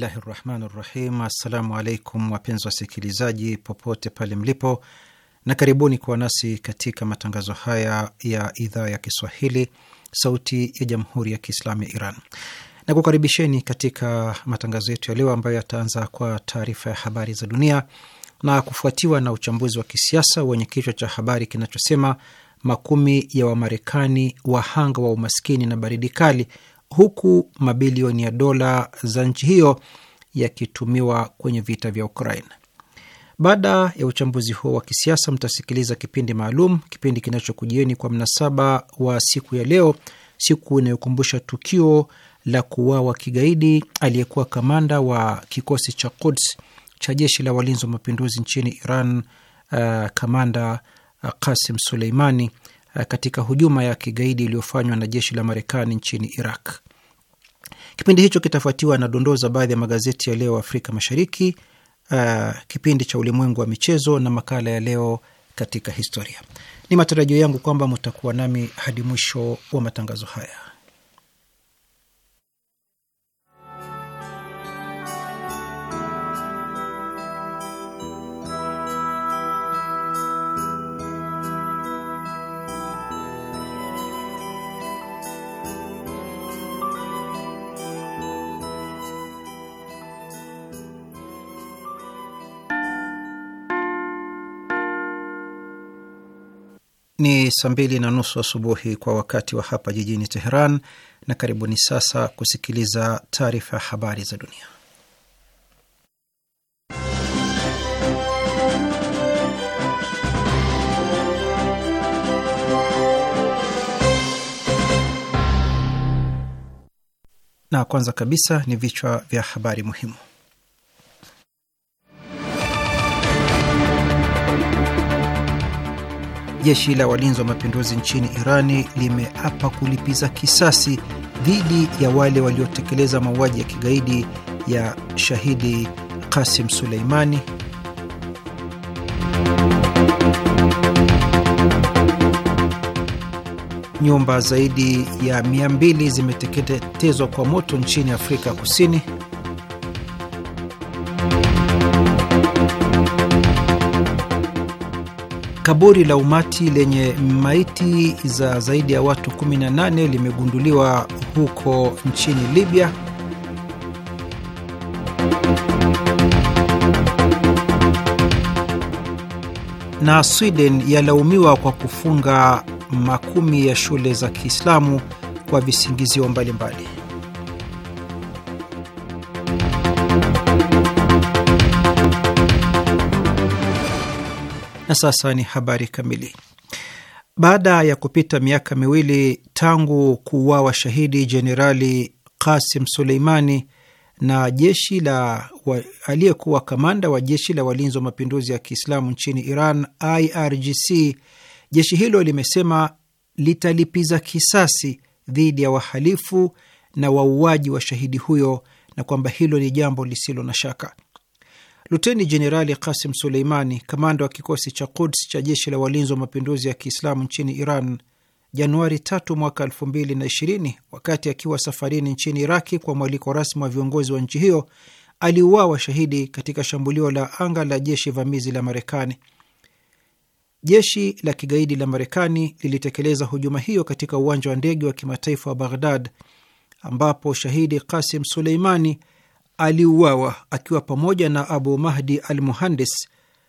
Bismillahi rahmani rahim. Assalamu alaikum wapenzi wasikilizaji popote pale mlipo, na karibuni kuwa nasi katika matangazo haya ya idhaa ya Kiswahili sauti ya jamhuri ya Kiislamu ya Iran na kukaribisheni katika matangazo yetu ya leo ambayo yataanza kwa taarifa ya habari za dunia na kufuatiwa na uchambuzi wa kisiasa wenye kichwa cha habari kinachosema makumi ya Wamarekani wahanga wa umaskini na baridi kali huku mabilioni ya dola za nchi hiyo yakitumiwa kwenye vita vya Ukraine. Baada ya uchambuzi huo wa kisiasa, mtasikiliza kipindi maalum, kipindi kinachokujieni kwa mnasaba wa siku ya leo, siku inayokumbusha tukio la kuuawa kigaidi aliyekuwa kamanda wa kikosi cha Quds cha jeshi la walinzi wa mapinduzi nchini Iran, uh, kamanda uh, Qasim Suleimani Eh, katika hujuma ya kigaidi iliyofanywa na jeshi la Marekani nchini Iraq. Kipindi hicho kitafuatiwa na dondoo za baadhi ya magazeti ya leo Afrika Mashariki, uh, kipindi cha ulimwengu wa michezo na makala ya leo katika historia. Ni matarajio yangu kwamba mutakuwa nami hadi mwisho wa matangazo haya. Ni saa mbili na nusu asubuhi wa kwa wakati wa hapa jijini Teheran, na karibuni sasa kusikiliza taarifa ya habari za dunia. Na kwanza kabisa ni vichwa vya habari muhimu. jeshi la walinzi wa mapinduzi nchini Irani limeapa kulipiza kisasi dhidi ya wale waliotekeleza mauaji ya kigaidi ya shahidi Kasim Suleimani. Nyumba zaidi ya 200 zimeteketezwa kwa moto nchini Afrika Kusini. Kaburi la umati lenye maiti za zaidi ya watu 18 limegunduliwa huko nchini Libya. Na Sweden yalaumiwa kwa kufunga makumi ya shule za Kiislamu kwa visingizio mbalimbali. Na sasa ni habari kamili. Baada ya kupita miaka miwili tangu kuuawa shahidi Jenerali Kasim Suleimani na jeshi la aliyekuwa kamanda wa jeshi la walinzi wa mapinduzi ya Kiislamu nchini Iran, IRGC, jeshi hilo limesema litalipiza kisasi dhidi ya wahalifu na wauaji wa shahidi huyo na kwamba hilo ni jambo lisilo na shaka. Luteni Jenerali Kasim Suleimani, kamanda wa kikosi cha Quds cha jeshi la walinzi wa mapinduzi ya Kiislamu nchini Iran, Januari 3 mwaka 2020, wakati akiwa safarini nchini Iraki kwa mwaliko rasmi wa viongozi wa nchi hiyo, aliuawa shahidi katika shambulio la anga la jeshi vamizi la Marekani. Jeshi la kigaidi la Marekani lilitekeleza hujuma hiyo katika uwanja wa ndege wa kimataifa wa Baghdad, ambapo shahidi Kasim Suleimani aliuawa akiwa pamoja na Abu Mahdi al Muhandis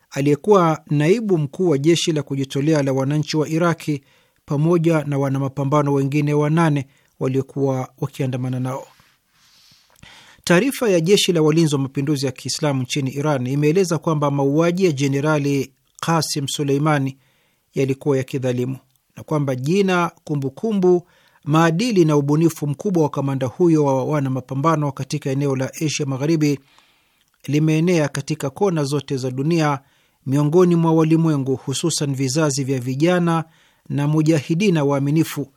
aliyekuwa naibu mkuu wa jeshi la kujitolea la wananchi wa Iraki pamoja na wanamapambano wengine wanane waliokuwa wakiandamana nao. Taarifa ya jeshi la walinzi wa mapinduzi ya Kiislamu nchini Iran imeeleza kwamba mauaji ya Jenerali Kasim Suleimani yalikuwa ya kidhalimu na kwamba jina, kumbukumbu kumbu, Maadili na ubunifu mkubwa wa kamanda huyo wa wana mapambano katika eneo la Asia Magharibi limeenea katika kona zote za dunia miongoni mwa walimwengu, hususan vizazi vya vijana na mujahidina waaminifu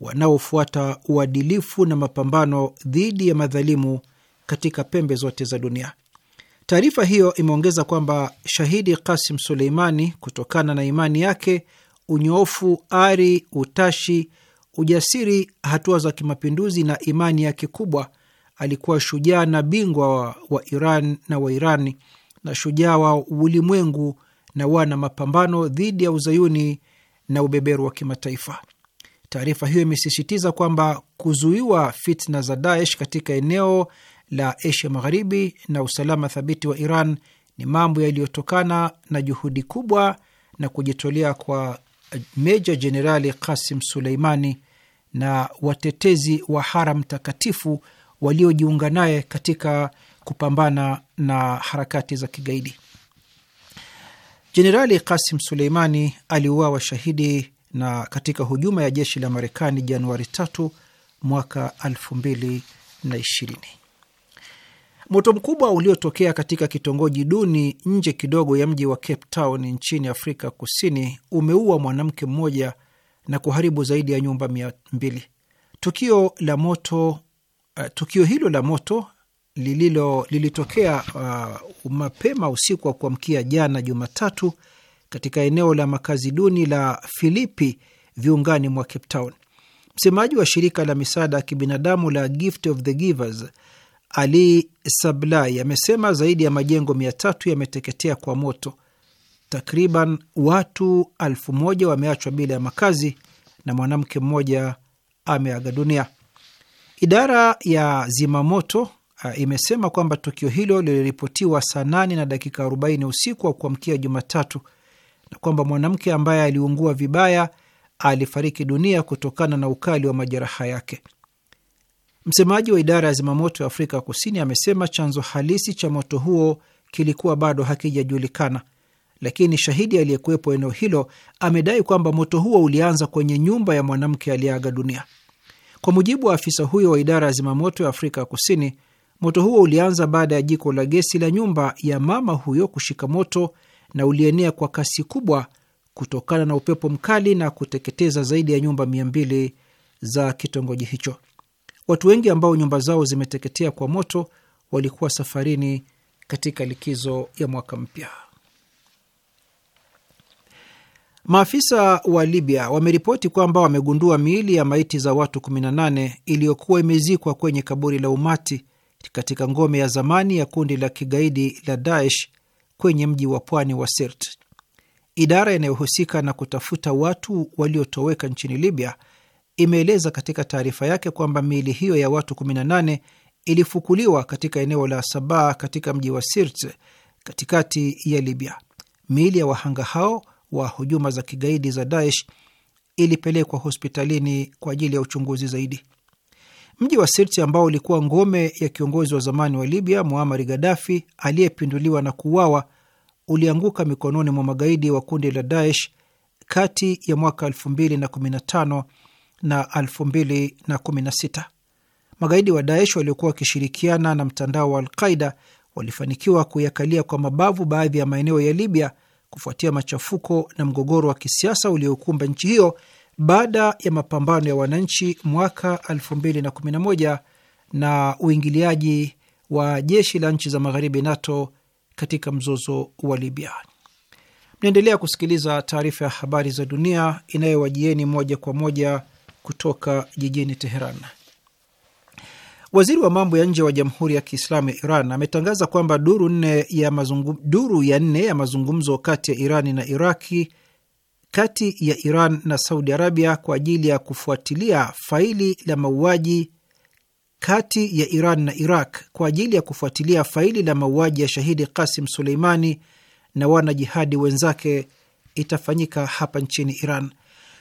wanaofuata uadilifu na mapambano dhidi ya madhalimu katika pembe zote za dunia. Taarifa hiyo imeongeza kwamba shahidi Kasim Suleimani, kutokana na imani yake, unyoofu, ari, utashi ujasiri, hatua za kimapinduzi na imani yake kubwa, alikuwa shujaa na bingwa wa, wa Iran na wa iran na shujaa wa ulimwengu na wana mapambano dhidi ya uzayuni na ubeberu wa kimataifa. Taarifa hiyo imesisitiza kwamba kuzuiwa fitna za Daesh katika eneo la Asia Magharibi na usalama thabiti wa Iran ni mambo yaliyotokana na juhudi kubwa na kujitolea kwa Meja Jenerali Kasim Suleimani na watetezi wa haram takatifu waliojiunga naye katika kupambana na harakati za kigaidi. Jenerali Kasim Suleimani aliuawa shahidi na katika hujuma ya jeshi la Marekani Januari 3 mwaka 2020. Moto mkubwa uliotokea katika kitongoji duni nje kidogo ya mji wa Cape Town nchini Afrika Kusini umeua mwanamke mmoja na kuharibu zaidi ya nyumba mia mbili. Tukio la moto uh, tukio hilo la moto lililo lilitokea uh, mapema usiku wa kuamkia jana Jumatatu katika eneo la makazi duni la Filipi viungani mwa Cape Town. Msemaji wa shirika la misaada ya kibinadamu la Gift of the Givers ali Sablai amesema zaidi ya majengo mia tatu yameteketea kwa moto, takriban watu elfu moja wameachwa bila ya makazi na mwanamke mmoja ameaga dunia. Idara ya zimamoto uh, imesema kwamba tukio hilo liliripotiwa saa nane na dakika 40 usiku wa kuamkia Jumatatu na kwamba mwanamke ambaye aliungua vibaya alifariki dunia kutokana na ukali wa majeraha yake. Msemaji wa idara ya zimamoto ya Afrika Kusini amesema chanzo halisi cha moto huo kilikuwa bado hakijajulikana, lakini shahidi aliyekuwepo eneo hilo amedai kwamba moto huo ulianza kwenye nyumba ya mwanamke aliyeaga dunia. Kwa mujibu wa afisa huyo wa idara ya zimamoto ya Afrika Kusini, moto huo ulianza baada ya jiko la gesi la nyumba ya mama huyo kushika moto na ulienea kwa kasi kubwa kutokana na upepo mkali na kuteketeza zaidi ya nyumba mia mbili za kitongoji hicho. Watu wengi ambao nyumba zao zimeteketea kwa moto walikuwa safarini katika likizo ya mwaka mpya. Maafisa wa Libya wameripoti kwamba wamegundua miili ya maiti za watu 18 iliyokuwa imezikwa kwenye kaburi la umati katika ngome ya zamani ya kundi la kigaidi la Daesh kwenye mji wa pwani wa sirt Idara inayohusika na kutafuta watu waliotoweka nchini Libya imeeleza katika taarifa yake kwamba miili hiyo ya watu 18 ilifukuliwa katika eneo la Sabaa katika mji wa Sirte katikati ya Libya. Miili ya wahanga hao wa hujuma za kigaidi za Daesh ilipelekwa hospitalini kwa ajili ya uchunguzi zaidi. Mji wa Sirte ambao ulikuwa ngome ya kiongozi wa zamani wa Libya Muammar Gaddafi aliyepinduliwa na kuuawa ulianguka mikononi mwa magaidi wa kundi la Daesh kati ya mwaka 2015 na 2016. Magaidi wa Daesh waliokuwa wakishirikiana na mtandao wa Alqaida walifanikiwa kuyakalia kwa mabavu baadhi ya maeneo ya Libya kufuatia machafuko na mgogoro wa kisiasa uliokumba nchi hiyo baada ya mapambano ya wananchi mwaka 2011 na uingiliaji wa jeshi la nchi za magharibi NATO katika mzozo wa Libya. Mnaendelea kusikiliza taarifa ya habari za dunia inayowajieni moja kwa moja kutoka jijini Teheran. Waziri wa mambo ya nje wa Jamhuri ya Kiislamu ya Iran ametangaza kwamba duru, nne ya mazungu, duru ya nne ya mazungumzo kati ya Irani na Iraki kati ya Iran na Saudi Arabia kwa ajili ya kufuatilia faili la mauaji kati ya Iran na Iraq kwa ajili ya kufuatilia faili la mauaji ya shahidi Qasim Suleimani na wanajihadi wenzake itafanyika hapa nchini Iran.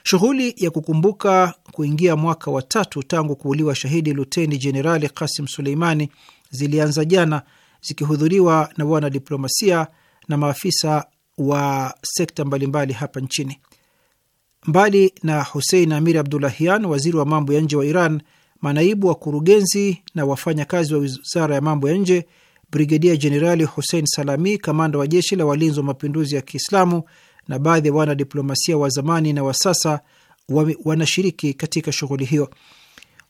Shughuli ya kukumbuka kuingia mwaka wa tatu tangu kuuliwa shahidi Luteni Jenerali Kasim Suleimani zilianza jana zikihudhuriwa na wanadiplomasia na maafisa wa sekta mbalimbali hapa nchini. Mbali na Husein Amir Abdulahian, waziri wa mambo ya nje wa Iran, manaibu wakurugenzi na wafanyakazi wa wizara ya mambo ya nje, Brigedia Jenerali Hussein Salami, kamanda wa jeshi la walinzi wa mapinduzi ya Kiislamu, na baadhi ya wanadiplomasia wa zamani na wa sasa wanashiriki katika shughuli hiyo.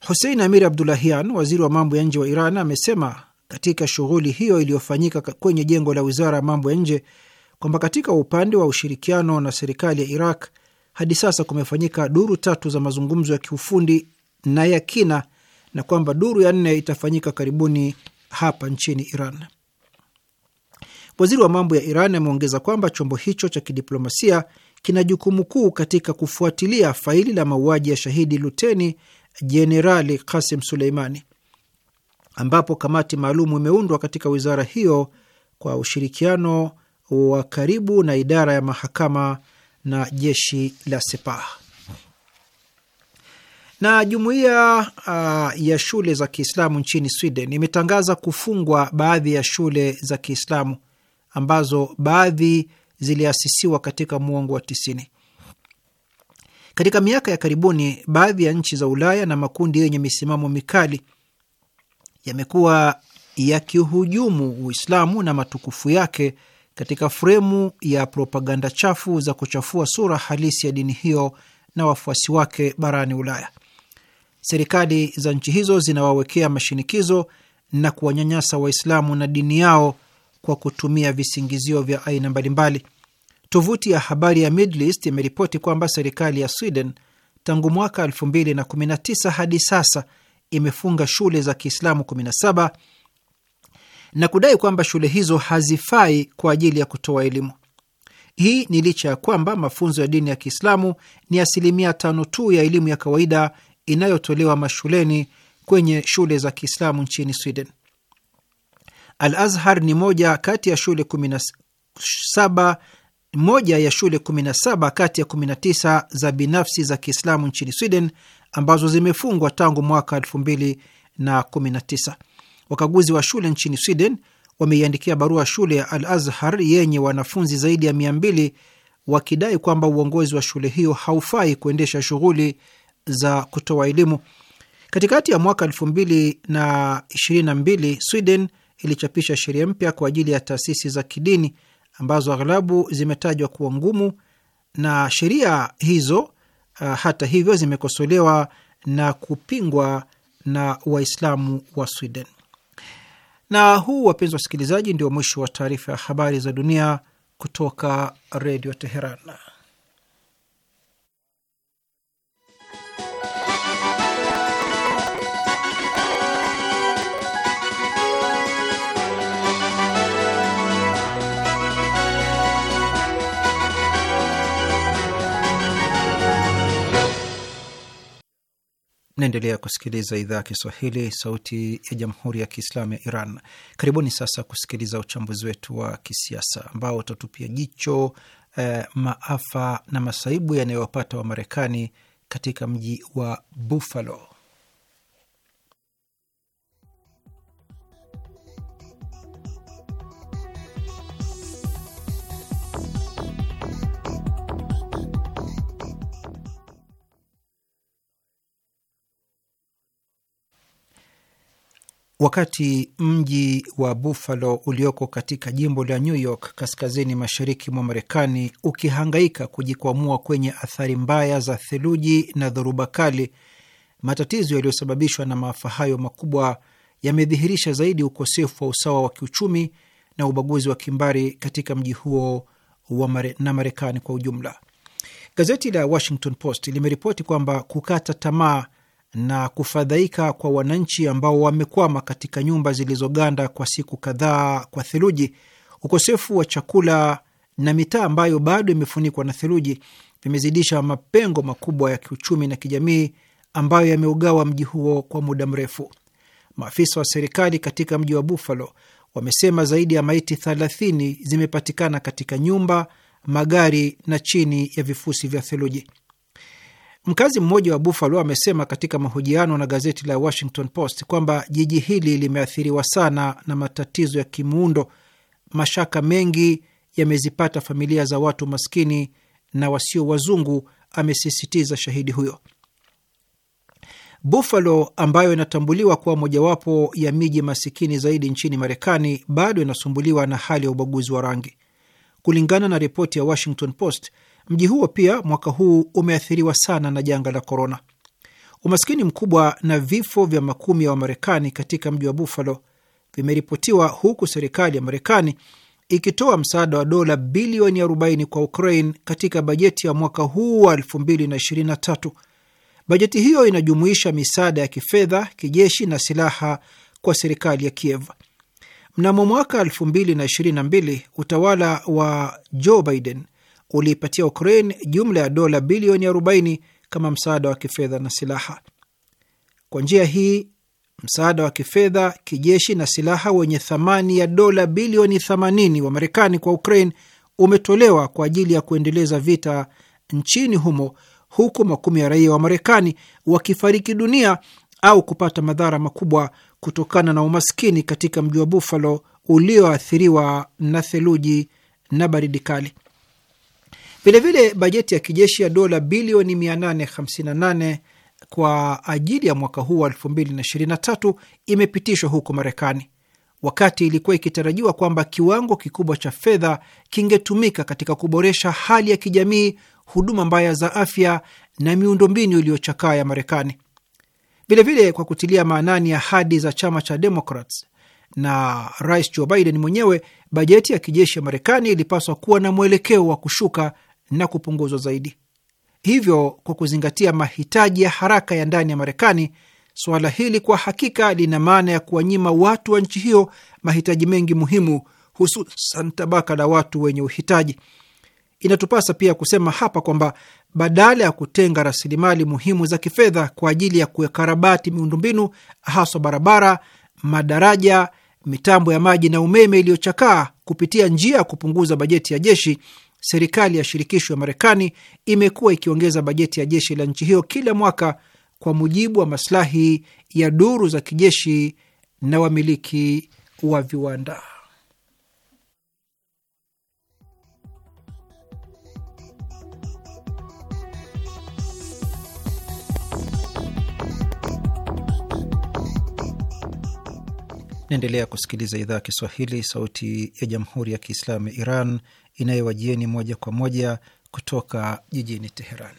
husein Amir Abdulahian, waziri wa mambo ya nje wa Iran, amesema katika shughuli hiyo iliyofanyika kwenye jengo la wizara ya mambo ya nje kwamba katika upande wa ushirikiano na serikali ya Iraq hadi sasa kumefanyika duru tatu za mazungumzo ya kiufundi na ya kina na kwamba duru ya nne itafanyika karibuni hapa nchini Iran. Waziri wa mambo ya Iran ameongeza kwamba chombo hicho cha kidiplomasia kina jukumu kuu katika kufuatilia faili la mauaji ya shahidi luteni jenerali Kasim Suleimani, ambapo kamati maalum imeundwa katika wizara hiyo kwa ushirikiano wa karibu na idara ya mahakama na jeshi la Sepah. Na jumuiya uh, ya shule za Kiislamu nchini Sweden imetangaza kufungwa baadhi ya shule za Kiislamu ambazo baadhi ziliasisiwa katika muongo wa tisini. Katika miaka ya karibuni, baadhi ya nchi za Ulaya na makundi yenye misimamo mikali yamekuwa yakihujumu Uislamu na matukufu yake katika fremu ya propaganda chafu za kuchafua sura halisi ya dini hiyo na wafuasi wake barani Ulaya. Serikali za nchi hizo zinawawekea mashinikizo na kuwanyanyasa Waislamu na dini yao kwa kutumia visingizio vya aina mbalimbali. Tovuti ya habari ya Middle East imeripoti kwamba serikali ya Sweden tangu mwaka 2019 hadi sasa imefunga shule za Kiislamu 17 na kudai kwamba shule hizo hazifai kwa ajili ya kutoa elimu. Hii ni licha ya kwamba mafunzo ya dini ya Kiislamu ni asilimia tano tu ya elimu ya kawaida inayotolewa mashuleni kwenye shule za Kiislamu nchini Sweden. Al Azhar ni moja kati ya shule 17 moja ya shule 17 kati ya 19 za binafsi za Kiislamu nchini Sweden ambazo zimefungwa tangu mwaka 2019. Wakaguzi wa shule nchini Sweden wameiandikia barua shule ya Al Azhar yenye wanafunzi zaidi ya 200 wakidai kwamba uongozi wa shule hiyo haufai kuendesha shughuli za kutoa elimu. Katikati ya mwaka 2022 Sweden ilichapisha sheria mpya kwa ajili ya taasisi za kidini ambazo aghlabu zimetajwa kuwa ngumu, na sheria hizo uh, hata hivyo zimekosolewa na kupingwa na Waislamu wa Sweden. Na huu, wapenzi wasikilizaji, ndio mwisho wa taarifa ya habari za dunia kutoka Redio Teheran. Mnaendelea kusikiliza idhaa ya Kiswahili, sauti ya jamhuri ya kiislamu ya Iran. Karibuni sasa kusikiliza uchambuzi wetu wa kisiasa ambao utatupia jicho eh, maafa na masaibu yanayowapata Wamarekani katika mji wa Buffalo. wakati mji wa Buffalo ulioko katika jimbo la New York kaskazini mashariki mwa Marekani ukihangaika kujikwamua kwenye athari mbaya za theluji na dhoruba kali, matatizo yaliyosababishwa na maafa hayo makubwa yamedhihirisha zaidi ukosefu wa usawa wa kiuchumi na ubaguzi wa kimbari katika mji huo wa mare, na Marekani kwa ujumla. Gazeti la Washington Post limeripoti kwamba kukata tamaa na kufadhaika kwa wananchi ambao wamekwama katika nyumba zilizoganda kwa siku kadhaa kwa theluji, ukosefu wa chakula na mitaa ambayo bado imefunikwa na theluji vimezidisha mapengo makubwa ya kiuchumi na kijamii ambayo yameugawa mji huo kwa muda mrefu. Maafisa wa serikali katika mji wa Buffalo wamesema zaidi ya maiti 30 zimepatikana katika nyumba, magari na chini ya vifusi vya theluji. Mkazi mmoja wa Buffalo amesema katika mahojiano na gazeti la Washington Post kwamba jiji hili limeathiriwa sana na matatizo ya kimuundo. Mashaka mengi yamezipata familia za watu maskini na wasio wazungu, amesisitiza shahidi huyo. Buffalo ambayo inatambuliwa kuwa mojawapo ya miji masikini zaidi nchini Marekani bado inasumbuliwa na hali ya ubaguzi wa rangi. Kulingana na ripoti ya Washington Post, Mji huo pia mwaka huu umeathiriwa sana na janga la korona, umaskini mkubwa na vifo vya makumi ya Wamarekani katika mji wa Buffalo vimeripotiwa huku serikali ya Marekani ikitoa msaada wa dola bilioni 40 kwa Ukraine katika bajeti ya mwaka huu wa 2023. Bajeti hiyo inajumuisha misaada ya kifedha, kijeshi na silaha kwa serikali ya Kiev. Mnamo mwaka 2022 utawala wa Joe Biden uliipatia Ukraine jumla ya dola bilioni 40 kama msaada wa kifedha na silaha. Kwa njia hii, msaada wa kifedha, kijeshi na silaha wenye thamani ya dola bilioni 80 wa Marekani kwa Ukraine umetolewa kwa ajili ya kuendeleza vita nchini humo, huku makumi ya raia wa Marekani wakifariki dunia au kupata madhara makubwa kutokana na umaskini katika mji wa Buffalo ulioathiriwa na theluji na baridi kali. Vilevile bajeti ya kijeshi ya dola bilioni 858 kwa ajili ya mwaka huu wa 2023 imepitishwa huko Marekani, wakati ilikuwa ikitarajiwa kwamba kiwango kikubwa cha fedha kingetumika katika kuboresha hali ya kijamii, huduma mbaya za afya na miundombinu iliyochakaa ya Marekani. Vilevile, kwa kutilia maanani ahadi za chama cha Democrats na Rais Joe Biden mwenyewe, bajeti ya kijeshi ya Marekani ilipaswa kuwa na mwelekeo wa kushuka na kupunguzwa zaidi. Hivyo, kwa kuzingatia mahitaji ya haraka ya ndani ya Marekani, suala hili kwa hakika lina maana ya kuwanyima watu wa nchi hiyo mahitaji mengi muhimu, hususan tabaka la watu wenye uhitaji. Inatupasa pia kusema hapa kwamba badala ya kutenga rasilimali muhimu za kifedha kwa ajili ya kukarabati miundombinu, haswa barabara, madaraja, mitambo ya maji na umeme iliyochakaa kupitia njia ya kupunguza bajeti ya jeshi, serikali ya shirikisho ya Marekani imekuwa ikiongeza bajeti ya jeshi la nchi hiyo kila mwaka kwa mujibu wa masilahi ya duru za kijeshi na wamiliki wa viwanda. Naendelea kusikiliza idhaa ya Kiswahili, sauti ya jamhuri ya kiislamu ya Iran inayowajieni moja kwa moja kutoka jijini Teheran.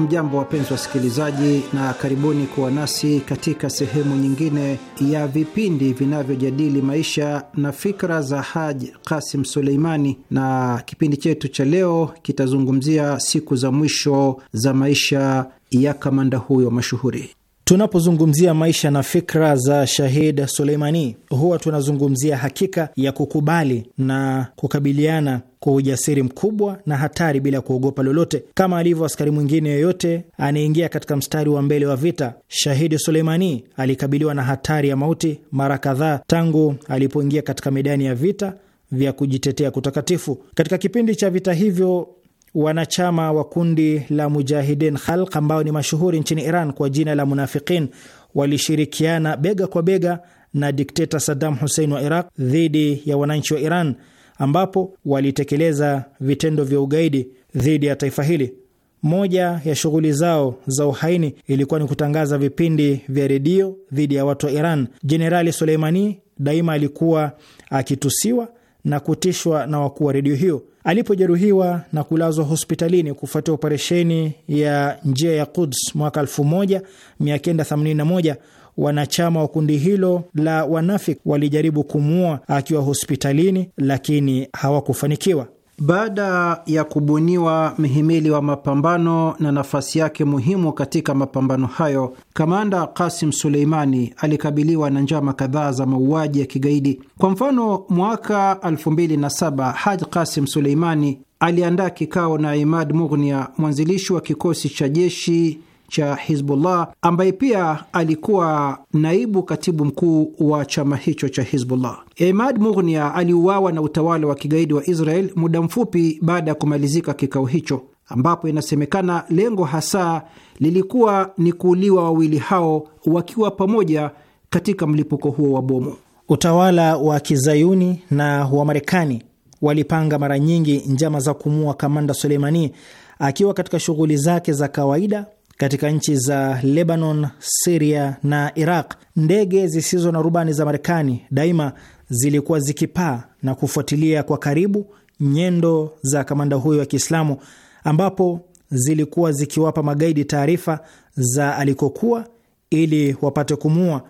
Hamjambo, wapenzi wasikilizaji, na karibuni kuwa nasi katika sehemu nyingine ya vipindi vinavyojadili maisha na fikra za haj Kasim Suleimani, na kipindi chetu cha leo kitazungumzia siku za mwisho za maisha ya kamanda huyo mashuhuri. Tunapozungumzia maisha na fikra za Shahid Suleimani, huwa tunazungumzia hakika ya kukubali na kukabiliana kwa ujasiri mkubwa na hatari bila kuogopa lolote, kama alivyo askari mwingine yoyote anayeingia katika mstari wa mbele wa vita. Shahidi Suleimani alikabiliwa na hatari ya mauti mara kadhaa tangu alipoingia katika medani ya vita vya kujitetea kutakatifu. Katika kipindi cha vita hivyo wanachama wa kundi la Mujahidin Khalq ambao ni mashuhuri nchini Iran kwa jina la Munafiqin walishirikiana bega kwa bega na dikteta Saddam Hussein wa Iraq dhidi ya wananchi wa Iran ambapo walitekeleza vitendo vya ugaidi dhidi ya taifa hili. Moja ya shughuli zao za uhaini ilikuwa ni kutangaza vipindi vya redio dhidi ya watu wa Iran. Jenerali Suleimani daima alikuwa akitusiwa na kutishwa na wakuu wa redio hiyo. Alipojeruhiwa na kulazwa hospitalini kufuatia operesheni ya njia ya Quds mwaka 1981 wanachama wa kundi hilo la wanafik walijaribu kumuua akiwa hospitalini, lakini hawakufanikiwa. Baada ya kubuniwa mhimili wa mapambano na nafasi yake muhimu katika mapambano hayo, kamanda Kasim Suleimani alikabiliwa na njama kadhaa za mauaji ya kigaidi. Kwa mfano, mwaka 2007 Haj Kasim Suleimani aliandaa kikao na Imad Mughnia, mwanzilishi wa kikosi cha jeshi cha Hizbullah ambaye pia alikuwa naibu katibu mkuu wa chama hicho cha Hizbullah. emad Mughnia aliuawa na utawala wa kigaidi wa Israel muda mfupi baada ya kumalizika kikao hicho, ambapo inasemekana lengo hasa lilikuwa ni kuuliwa wawili hao wakiwa pamoja katika mlipuko huo wa bomu. Utawala wa kizayuni na wa Marekani walipanga mara nyingi njama za kumua kamanda Suleimani akiwa katika shughuli zake za kawaida katika nchi za Lebanon, Siria na Iraq, ndege zisizo na rubani za Marekani daima zilikuwa zikipaa na kufuatilia kwa karibu nyendo za kamanda huyo wa Kiislamu, ambapo zilikuwa zikiwapa magaidi taarifa za alikokuwa ili wapate kumua.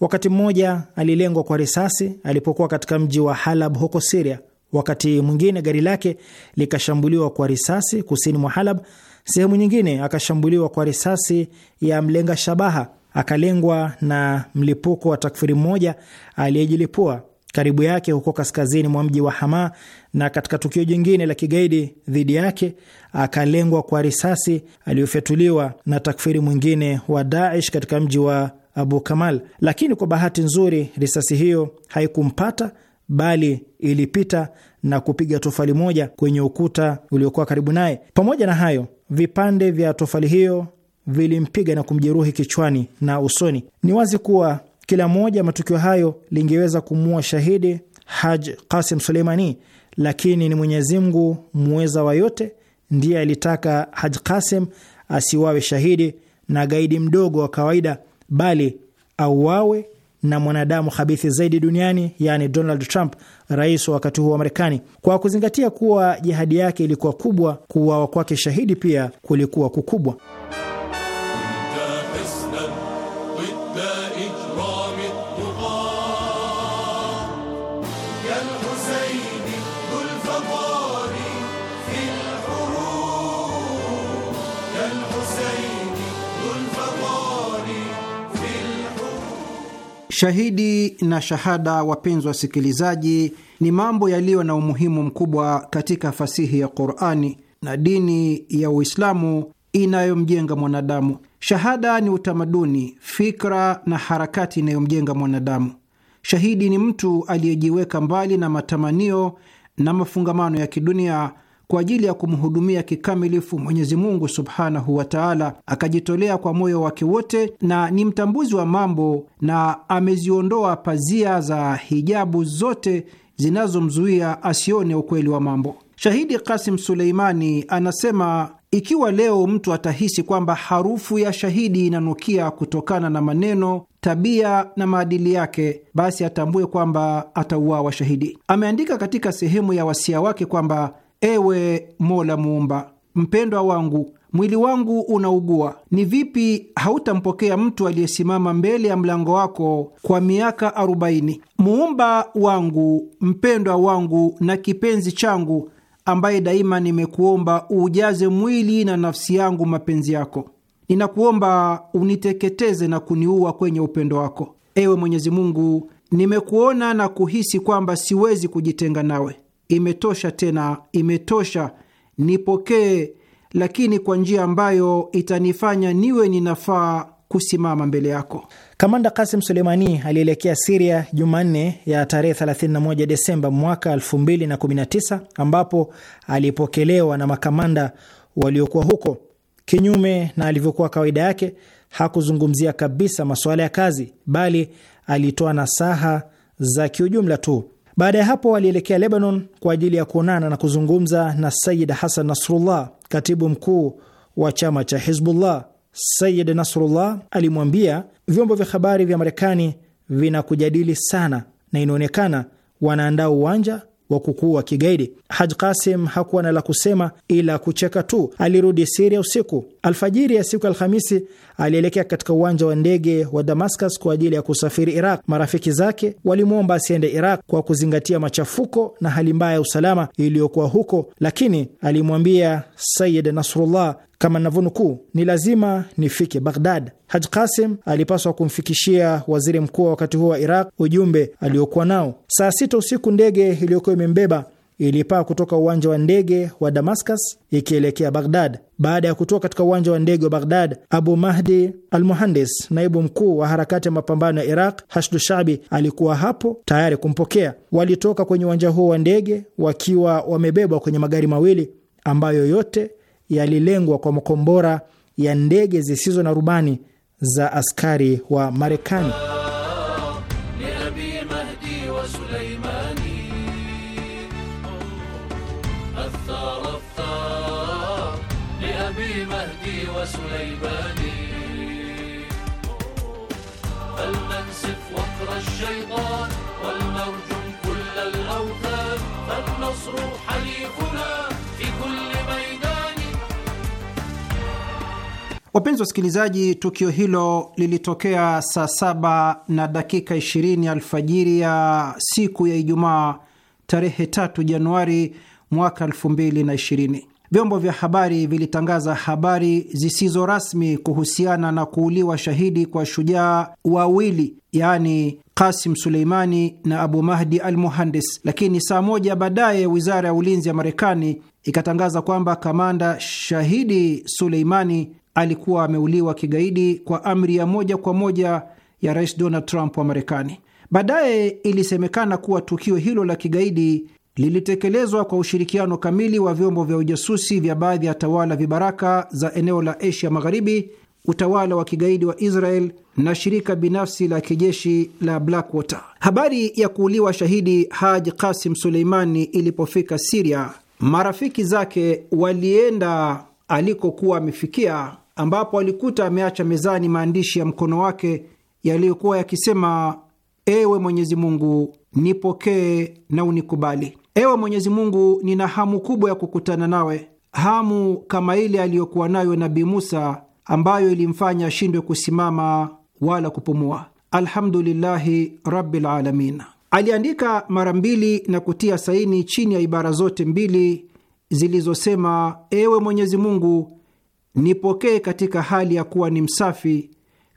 Wakati mmoja alilengwa kwa risasi alipokuwa katika mji wa Halab huko Siria. Wakati mwingine gari lake likashambuliwa kwa risasi kusini mwa Halab Sehemu nyingine akashambuliwa kwa risasi ya mlenga shabaha, akalengwa na mlipuko wa takfiri mmoja aliyejilipua karibu yake huko kaskazini mwa mji wa Hama, na katika tukio jingine la kigaidi dhidi yake akalengwa kwa risasi aliyofyatuliwa na takfiri mwingine wa Daesh katika mji wa Abu Kamal, lakini kwa bahati nzuri risasi hiyo haikumpata bali ilipita na kupiga tofali moja kwenye ukuta uliokuwa karibu naye. Pamoja na hayo, vipande vya tofali hiyo vilimpiga na kumjeruhi kichwani na usoni. Ni wazi kuwa kila moja ya matukio hayo lingeweza kumua shahidi Haj Qasim Suleimani, lakini ni Mwenyezi Mungu muweza wa yote ndiye alitaka Haj Qasim asiwawe shahidi na gaidi mdogo wa kawaida, bali auwawe na mwanadamu habithi zaidi duniani, yani Donald Trump, rais wa wakati huo wa Marekani. Kwa kuzingatia kuwa jihadi yake ilikuwa kubwa, kuuawa kwake shahidi pia kulikuwa kukubwa. Shahidi na shahada, wapenzi wasikilizaji, ni mambo yaliyo na umuhimu mkubwa katika fasihi ya Qurani na dini ya Uislamu inayomjenga mwanadamu. Shahada ni utamaduni, fikra na harakati inayomjenga mwanadamu. Shahidi ni mtu aliyejiweka mbali na matamanio na mafungamano ya kidunia kwa ajili ya kumhudumia kikamilifu Mwenyezi Mungu subhanahu wa taala, akajitolea kwa moyo wake wote na ni mtambuzi wa mambo, na ameziondoa pazia za hijabu zote zinazomzuia asione ukweli wa mambo. Shahidi Kasim Suleimani anasema ikiwa leo mtu atahisi kwamba harufu ya shahidi inanukia kutokana na maneno, tabia na maadili yake, basi atambue kwamba atauawa shahidi. Ameandika katika sehemu ya wasia wake kwamba Ewe Mola Muumba, mpendwa wangu, mwili wangu unaugua. Ni vipi hautampokea mtu aliyesimama mbele ya mlango wako kwa miaka arobaini? Muumba wangu, mpendwa wangu na kipenzi changu, ambaye daima nimekuomba uujaze mwili na nafsi yangu mapenzi yako, ninakuomba uniteketeze na kuniua kwenye upendo wako. Ewe Mwenyezi Mungu, nimekuona na kuhisi kwamba siwezi kujitenga nawe Imetosha tena, imetosha, nipokee, lakini kwa njia ambayo itanifanya niwe ninafaa kusimama mbele yako. Kamanda Kasim Suleimani alielekea Siria Jumanne ya tarehe 31 Desemba mwaka 2019 ambapo alipokelewa na makamanda waliokuwa huko. Kinyume na alivyokuwa kawaida yake, hakuzungumzia kabisa masuala ya kazi, bali alitoa nasaha za kiujumla tu baada ya hapo alielekea Lebanon kwa ajili ya kuonana na kuzungumza na Sayid Hasan Nasrullah, katibu mkuu wa chama cha Hizbullah. Sayid Nasrullah alimwambia, vyombo vya habari vya Marekani vinakujadili sana na inaonekana wanaandaa uwanja wakukuu wa kigaidi. Haj Kasim hakuwa na la kusema ila kucheka tu. Alirudi Siria usiku. Alfajiri ya siku Alhamisi alielekea katika uwanja wa ndege wa Damascus kwa ajili ya kusafiri Iraq. Marafiki zake walimwomba asiende Iraq kwa kuzingatia machafuko na hali mbaya ya usalama iliyokuwa huko, lakini alimwambia Sayid Nasrullah kama ninavyonukuu, ni lazima nifike Baghdad. Haj Qasim alipaswa kumfikishia waziri mkuu wa wakati huo wa Iraq ujumbe aliokuwa nao. Saa sita usiku ndege iliyokuwa imembeba ilipaa kutoka uwanja wa ndege wa Damascus ikielekea Baghdad. Baada ya kutoka katika uwanja wa ndege wa Baghdad, Abu Mahdi al Muhandis, naibu mkuu wa harakati ya mapambano ya Iraq, Hashdu Shabi, alikuwa hapo tayari kumpokea. Walitoka kwenye uwanja huo wa ndege wakiwa wamebebwa kwenye magari mawili ambayo yote yalilengwa kwa makombora ya ndege zisizo na rubani za askari wa Marekani. Wapenzi wasikilizaji, tukio hilo lilitokea saa saba na dakika 20 alfajiri ya siku ya Ijumaa tarehe 3 Januari mwaka 2020. Vyombo vya habari vilitangaza habari zisizo rasmi kuhusiana na kuuliwa shahidi kwa shujaa wawili, yaani Kasim Suleimani na Abu Mahdi al Muhandis, lakini saa moja baadaye wizara ya ulinzi ya Marekani ikatangaza kwamba kamanda shahidi Suleimani alikuwa ameuliwa kigaidi kwa amri ya moja kwa moja ya Rais Donald Trump wa Marekani. Baadaye ilisemekana kuwa tukio hilo la kigaidi lilitekelezwa kwa ushirikiano kamili wa vyombo vya ujasusi vya baadhi ya tawala vibaraka za eneo la Asia Magharibi, utawala wa kigaidi wa Israel na shirika binafsi la kijeshi la Blackwater. Habari ya kuuliwa shahidi Haj Kasim Suleimani ilipofika Siria, marafiki zake walienda alikokuwa amefikia ambapo alikuta ameacha mezani maandishi ya mkono wake yaliyokuwa yakisema: ewe Mwenyezi Mungu, nipokee na unikubali. Ewe Mwenyezi Mungu, nina hamu kubwa ya kukutana nawe, hamu kama ile aliyokuwa nayo Nabii Musa, ambayo ilimfanya ashindwe kusimama wala kupumua. Alhamdulillahi rabbil alamin. Aliandika mara mbili na kutia saini chini ya ibara zote mbili zilizosema: ewe Mwenyezi Mungu, nipokee katika hali ya kuwa ni msafi,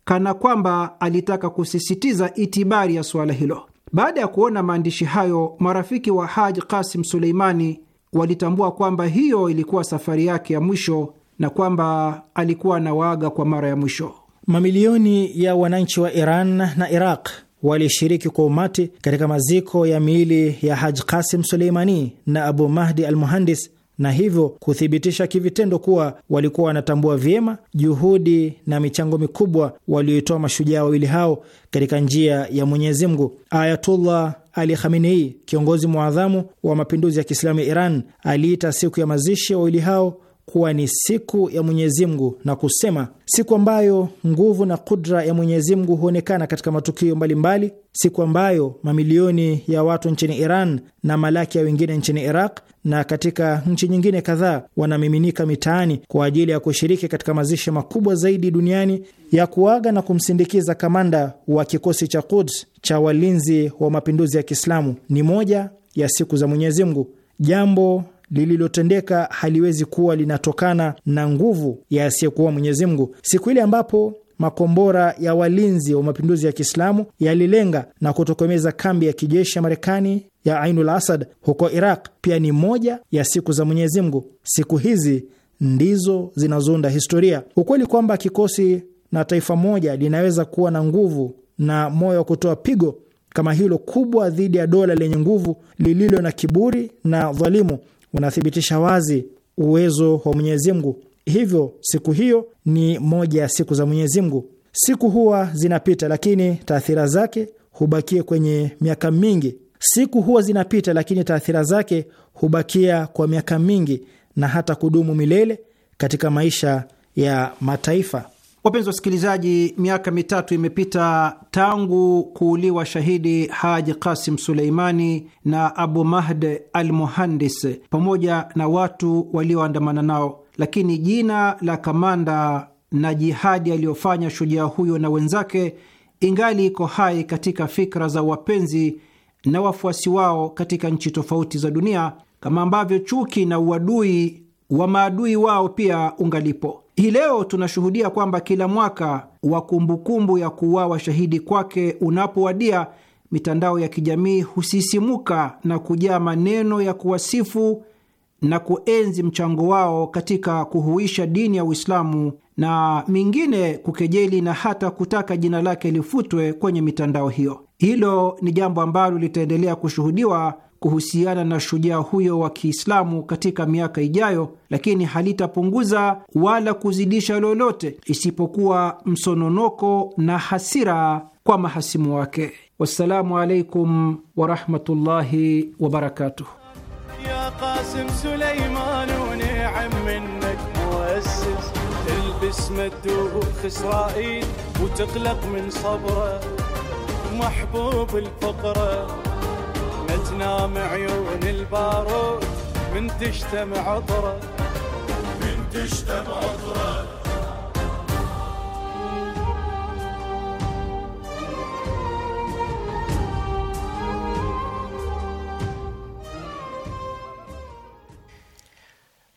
kana kwamba alitaka kusisitiza itibari ya suala hilo. Baada ya kuona maandishi hayo, marafiki wa Haji Kasim Suleimani walitambua kwamba hiyo ilikuwa safari yake ya mwisho na kwamba alikuwa anawaaga kwa mara ya mwisho. Mamilioni ya wananchi wa Iran na Iraq walishiriki kwa umati katika maziko ya miili ya haj Kasim Suleimani na Abu Mahdi al Muhandis na hivyo kuthibitisha kivitendo kuwa walikuwa wanatambua vyema juhudi na michango mikubwa walioitoa mashujaa wawili hao katika njia ya Mwenyezi Mungu. Ayatullah Ali Khamenei, kiongozi mwadhamu wa mapinduzi ya Kiislamu ya Iran, aliita siku ya mazishi ya wawili hao kuwa ni siku ya Mwenyezi Mungu na kusema, siku ambayo nguvu na kudra ya Mwenyezi Mungu huonekana katika matukio mbalimbali mbali, siku ambayo mamilioni ya watu nchini Iran na malaki ya wengine nchini Iraq na katika nchi nyingine kadhaa wanamiminika mitaani kwa ajili ya kushiriki katika mazishi makubwa zaidi duniani ya kuaga na kumsindikiza kamanda wa kikosi cha Quds cha walinzi wa mapinduzi ya Kiislamu, ni moja ya siku za Mwenyezi Mungu, jambo lililotendeka haliwezi kuwa linatokana na nguvu ya asiyekuwa Mwenyezi Mungu. Siku ile ambapo makombora ya walinzi wa mapinduzi ya Kiislamu yalilenga na kutokomeza kambi ya kijeshi ya Marekani ya Ainul Asad huko Iraq pia ni moja ya siku za Mwenyezi Mungu. Siku hizi ndizo zinazounda historia. Ukweli kwamba kikosi na taifa moja linaweza kuwa na nguvu na moyo wa kutoa pigo kama hilo kubwa dhidi ya dola lenye nguvu lililo na kiburi na dhalimu unathibitisha wazi uwezo wa Mwenyezi Mungu. Hivyo siku hiyo ni moja ya siku za Mwenyezi Mungu. Siku huwa zinapita, lakini taathira zake hubakia kwenye miaka mingi. Siku huwa zinapita, lakini taathira zake hubakia kwa miaka mingi na hata kudumu milele katika maisha ya mataifa. Wapenzi wasikilizaji, miaka mitatu imepita tangu kuuliwa shahidi Haji Qasim Suleimani na Abu Mahd al Muhandis pamoja na watu walioandamana nao, lakini jina la kamanda na jihadi aliyofanya shujaa huyo na wenzake ingali iko hai katika fikra za wapenzi na wafuasi wao katika nchi tofauti za dunia, kama ambavyo chuki na uadui wa maadui wao pia ungalipo. Hii leo tunashuhudia kwamba kila mwaka wa kumbukumbu ya kuuawa shahidi kwake unapowadia, mitandao ya kijamii husisimuka na kujaa maneno ya kuwasifu na kuenzi mchango wao katika kuhuisha dini ya Uislamu na mingine kukejeli na hata kutaka jina lake lifutwe kwenye mitandao hiyo. Hilo ni jambo ambalo litaendelea kushuhudiwa kuhusiana na shujaa huyo wa Kiislamu katika miaka ijayo, lakini halitapunguza wala kuzidisha lolote isipokuwa msononoko na hasira kwa mahasimu wake. Wassalamu alaikum warahmatullahi wabarakatuh. تنام عيون البارود من تشتم عطره من تشتم عطره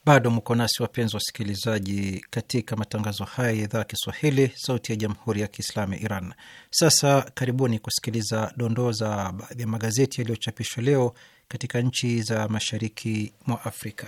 Bado mko nasi wapenzi wasikilizaji, katika matangazo haya ya idhaa ya Kiswahili, sauti ya jamhuri ya kiislamu ya Iran. Sasa karibuni kusikiliza dondoo za baadhi ya magazeti yaliyochapishwa leo katika nchi za mashariki mwa Afrika.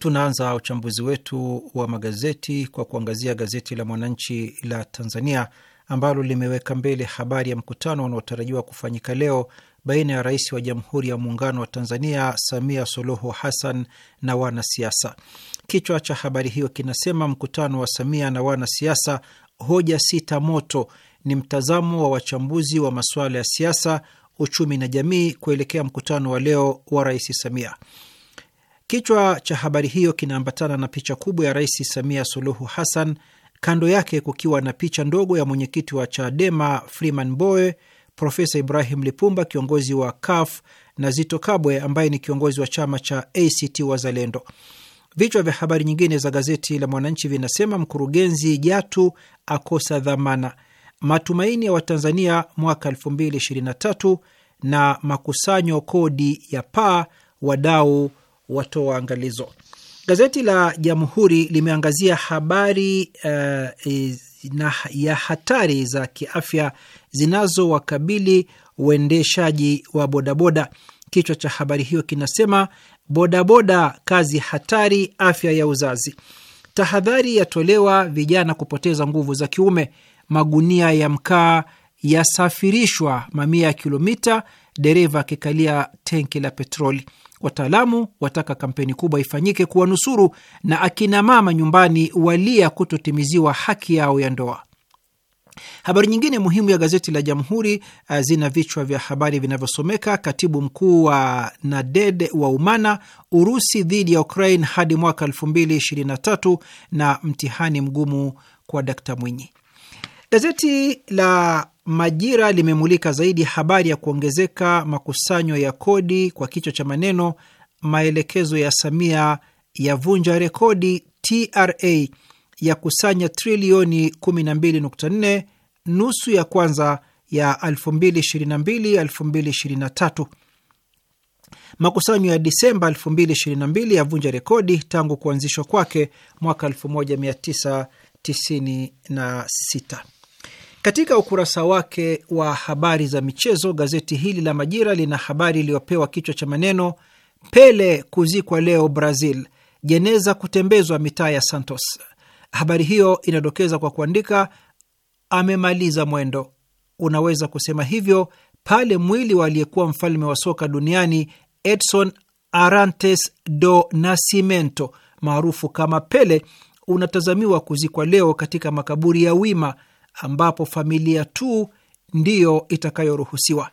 Tunaanza uchambuzi wetu wa magazeti kwa kuangazia gazeti la Mwananchi la Tanzania ambalo limeweka mbele habari ya mkutano unaotarajiwa kufanyika leo baina ya rais wa Jamhuri ya Muungano wa Tanzania Samia Suluhu Hassan na wanasiasa. Kichwa cha habari hiyo kinasema mkutano wa Samia na wanasiasa, hoja sita moto. Ni mtazamo wa wachambuzi wa masuala ya siasa, uchumi na jamii kuelekea mkutano wa leo wa Rais Samia. Kichwa cha habari hiyo kinaambatana na picha kubwa ya Rais Samia Suluhu Hassan, kando yake kukiwa na picha ndogo ya mwenyekiti wa Chadema Freeman Mbowe, Profesa Ibrahim Lipumba, kiongozi wa CUF na Zito Kabwe ambaye ni kiongozi wa chama cha ACT Wazalendo. Vichwa vya habari nyingine za gazeti la Mwananchi vinasema mkurugenzi Jatu akosa dhamana, matumaini ya Watanzania mwaka 2023 na makusanyo kodi ya paa, wadau watoa angalizo. Gazeti la Jamhuri limeangazia habari uh, na ya hatari za kiafya zinazowakabili uendeshaji wa bodaboda. Kichwa cha habari hiyo kinasema bodaboda, kazi hatari, afya ya uzazi, tahadhari yatolewa, vijana kupoteza nguvu za kiume, magunia ya mkaa yasafirishwa mamia ya kilomita, dereva akikalia tenki la petroli. Wataalamu wataka kampeni kubwa ifanyike kuwanusuru, na akina mama nyumbani walia kutotimiziwa haki yao ya ndoa. Habari nyingine muhimu ya gazeti la Jamhuri eh, zina vichwa vya habari vinavyosomeka: katibu mkuu wa NADED wa umana Urusi dhidi ya Ukraine hadi mwaka 2023 na mtihani mgumu kwa Dkt Mwinyi. Gazeti la Majira limemulika zaidi habari ya kuongezeka makusanyo ya kodi kwa kichwa cha maneno, maelekezo ya Samia ya vunja rekodi, TRA ya kusanya trilioni 12.4 nusu ya kwanza ya 2022 2023. Makusanyo ya Disemba 2022 yavunja rekodi tangu kuanzishwa kwake mwaka 1996. Katika ukurasa wake wa habari za michezo, gazeti hili la Majira lina habari iliyopewa kichwa cha maneno Pele kuzikwa leo Brazil, jeneza kutembezwa mitaa ya Santos. Habari hiyo inadokeza kwa kuandika amemaliza mwendo. Unaweza kusema hivyo pale mwili wa aliyekuwa mfalme wa soka duniani Edson Arantes do Nascimento maarufu kama Pele unatazamiwa kuzikwa leo katika makaburi ya Wima ambapo familia tu ndiyo itakayoruhusiwa.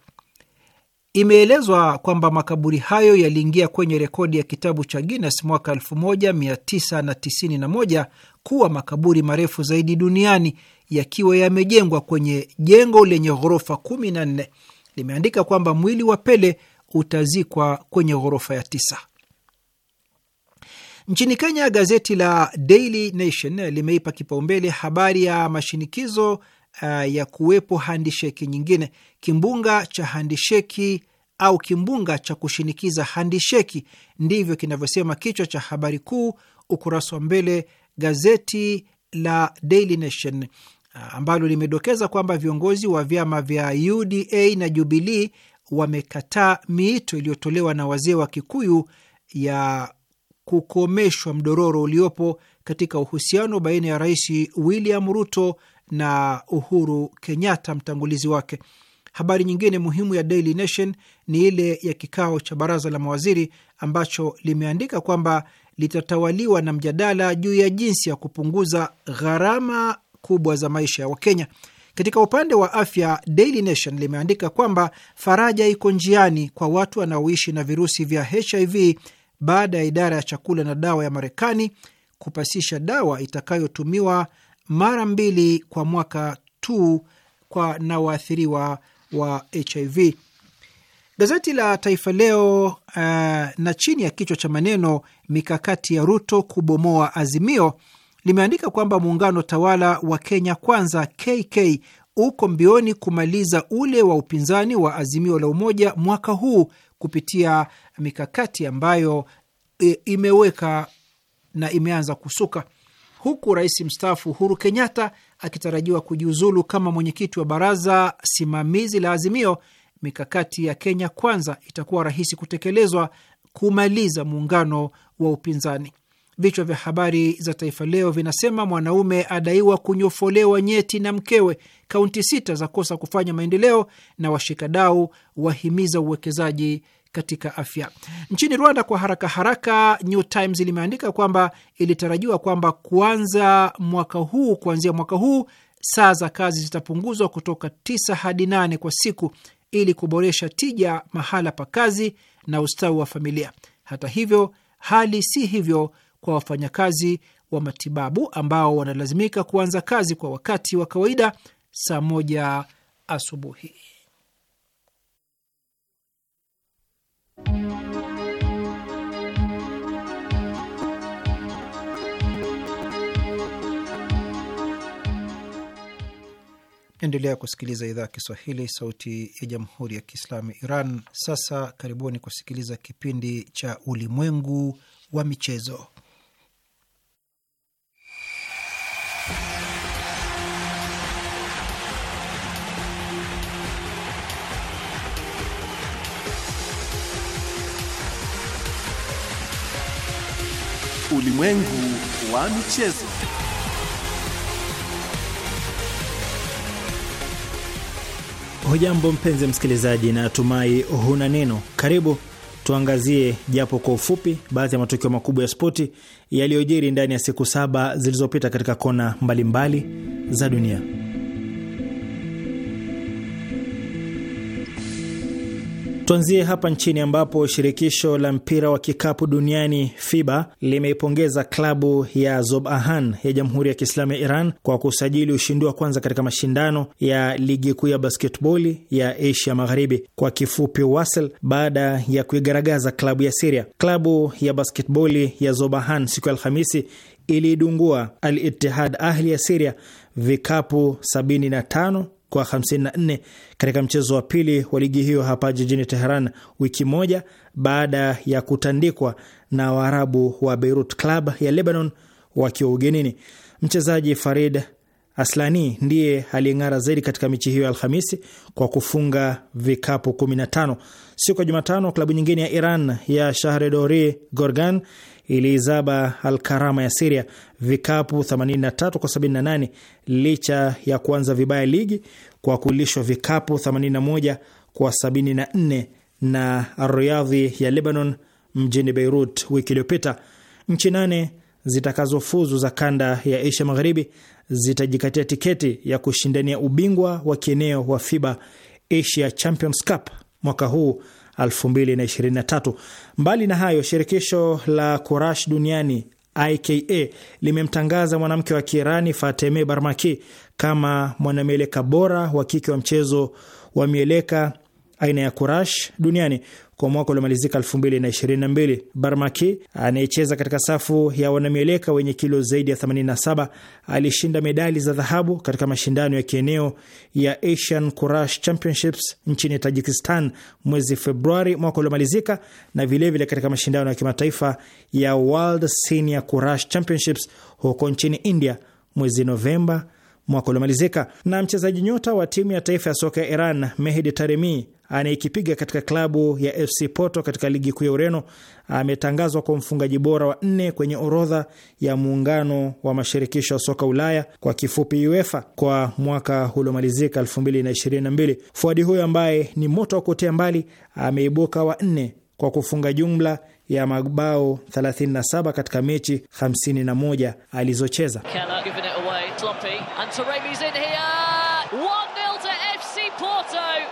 Imeelezwa kwamba makaburi hayo yaliingia kwenye rekodi ya kitabu cha Guinness mwaka 1991 kuwa makaburi marefu zaidi duniani yakiwa yamejengwa kwenye jengo lenye ghorofa 14. Limeandika kwamba mwili wa Pele utazikwa kwenye ghorofa ya tisa. Nchini Kenya, gazeti la Daily Nation limeipa kipaumbele habari ya mashinikizo uh, ya kuwepo handisheki nyingine. Kimbunga cha handisheki au kimbunga cha kushinikiza handisheki, ndivyo kinavyosema kichwa cha habari kuu ukurasa wa mbele gazeti la Daily Nation uh, ambalo limedokeza kwamba viongozi wa vyama vya UDA na Jubilee wamekataa miito iliyotolewa na wazee wa Kikuyu ya kukomeshwa mdororo uliopo katika uhusiano baina ya Rais William Ruto na Uhuru Kenyatta, mtangulizi wake. Habari nyingine muhimu ya Daily Nation ni ile ya kikao cha baraza la mawaziri ambacho limeandika kwamba litatawaliwa na mjadala juu ya jinsi ya kupunguza gharama kubwa za maisha ya Wakenya. Katika upande wa afya, Daily Nation limeandika kwamba faraja iko njiani kwa watu wanaoishi na virusi vya HIV baada ya idara ya chakula na dawa ya Marekani kupasisha dawa itakayotumiwa mara mbili kwa mwaka tu kwa na waathiriwa wa HIV. Gazeti la Taifa Leo uh, na chini ya kichwa cha maneno mikakati ya Ruto kubomoa Azimio limeandika kwamba muungano tawala wa Kenya Kwanza KK uko mbioni kumaliza ule wa upinzani wa Azimio la Umoja mwaka huu kupitia mikakati ambayo e, imeweka na imeanza kusuka, huku rais mstaafu Uhuru Kenyatta akitarajiwa kujiuzulu kama mwenyekiti wa baraza simamizi la Azimio, mikakati ya Kenya kwanza itakuwa rahisi kutekelezwa kumaliza muungano wa upinzani. Vichwa vya habari za Taifa Leo vinasema mwanaume adaiwa kunyofolewa nyeti na mkewe, kaunti sita za kosa kufanya maendeleo, na washikadau wahimiza uwekezaji katika afya nchini Rwanda. Kwa haraka haraka, New Times limeandika kwamba ilitarajiwa kwamba kuanza mwaka huu, kuanzia mwaka huu saa za kazi zitapunguzwa kutoka tisa hadi nane kwa siku ili kuboresha tija mahala pa kazi na ustawi wa familia. Hata hivyo, hali si hivyo kwa wafanyakazi wa matibabu ambao wanalazimika kuanza kazi kwa wakati wa kawaida saa moja asubuhi. Naendelea kusikiliza idhaa ya Kiswahili, sauti ya jamhuri ya kiislamu ya Iran. Sasa karibuni kusikiliza kipindi cha Ulimwengu wa Michezo. Ulimwengu wa michezo. Hujambo mpenzi msikilizaji, na tumai huna neno. Karibu tuangazie japo kwa ufupi baadhi ya matukio makubwa ya spoti yaliyojiri ndani ya siku saba zilizopita katika kona mbalimbali mbali za dunia. Tuanzie hapa nchini ambapo shirikisho la mpira wa kikapu duniani FIBA limeipongeza klabu ya Zobahan ya Jamhuri ya Kiislamu ya Iran kwa kusajili ushindi wa kwanza katika mashindano ya ligi kuu ya basketboli ya Asia Magharibi, kwa kifupi WASL, baada ya kuigaragaza klabu ya Siria. Klabu ya basketboli ya Zobahan siku ya Alhamisi iliidungua Al Ittihad Ahli ya Siria vikapu 75 kwa 54 katika mchezo wa pili wa ligi hiyo hapa jijini Teheran, wiki moja baada ya kutandikwa na Waarabu wa Beirut Club ya Lebanon wakiwa ugenini. Mchezaji Farid Aslani ndiye aliyeng'ara zaidi katika michi hiyo ya Alhamisi kwa kufunga vikapu 15. Siku ya Jumatano, klabu nyingine ya Iran ya Shahredori Gorgan iliizaba Alkarama ya Siria vikapu 83 kwa 78 licha ya kuanza vibaya ligi kwa kulishwa vikapu 81 kwa 74 na Riadhi ya Lebanon mjini Beirut wiki iliyopita. Nchi nane zitakazofuzu za kanda ya Asia Magharibi zitajikatia tiketi ya kushindania ubingwa wa kieneo wa FIBA Asia Champions Cup mwaka huu 2023. Mbali na hayo, shirikisho la kurash duniani IKA limemtangaza mwanamke wa Kiirani Fateme Barmaki kama mwanamieleka bora wa kike wa mchezo wa mieleka aina ya kurash duniani kwa mwaka uliomalizika 2022. Barmaki anayecheza katika safu ya wanamieleka wenye kilo zaidi ya 87 alishinda medali za dhahabu katika mashindano ya kieneo ya Asian Kurash Championships nchini Tajikistan mwezi Februari mwaka uliomalizika na vilevile vile katika mashindano ya kimataifa ya World Senior Kurash Championships huko nchini India mwezi Novemba mwaka uliomalizika. Na mchezaji nyota wa timu ya taifa ya soka ya Iran Mehdi Taremi anayekipiga katika klabu ya FC Porto katika ligi kuu ya Ureno ametangazwa kwa mfungaji bora wa nne kwenye orodha ya muungano wa mashirikisho ya soka Ulaya kwa kifupi UEFA kwa mwaka uliomalizika 2022. Fuadi huyo ambaye ni moto wa kuotea mbali ameibuka wa nne kwa kufunga jumla ya mabao 37 katika mechi 51 alizocheza.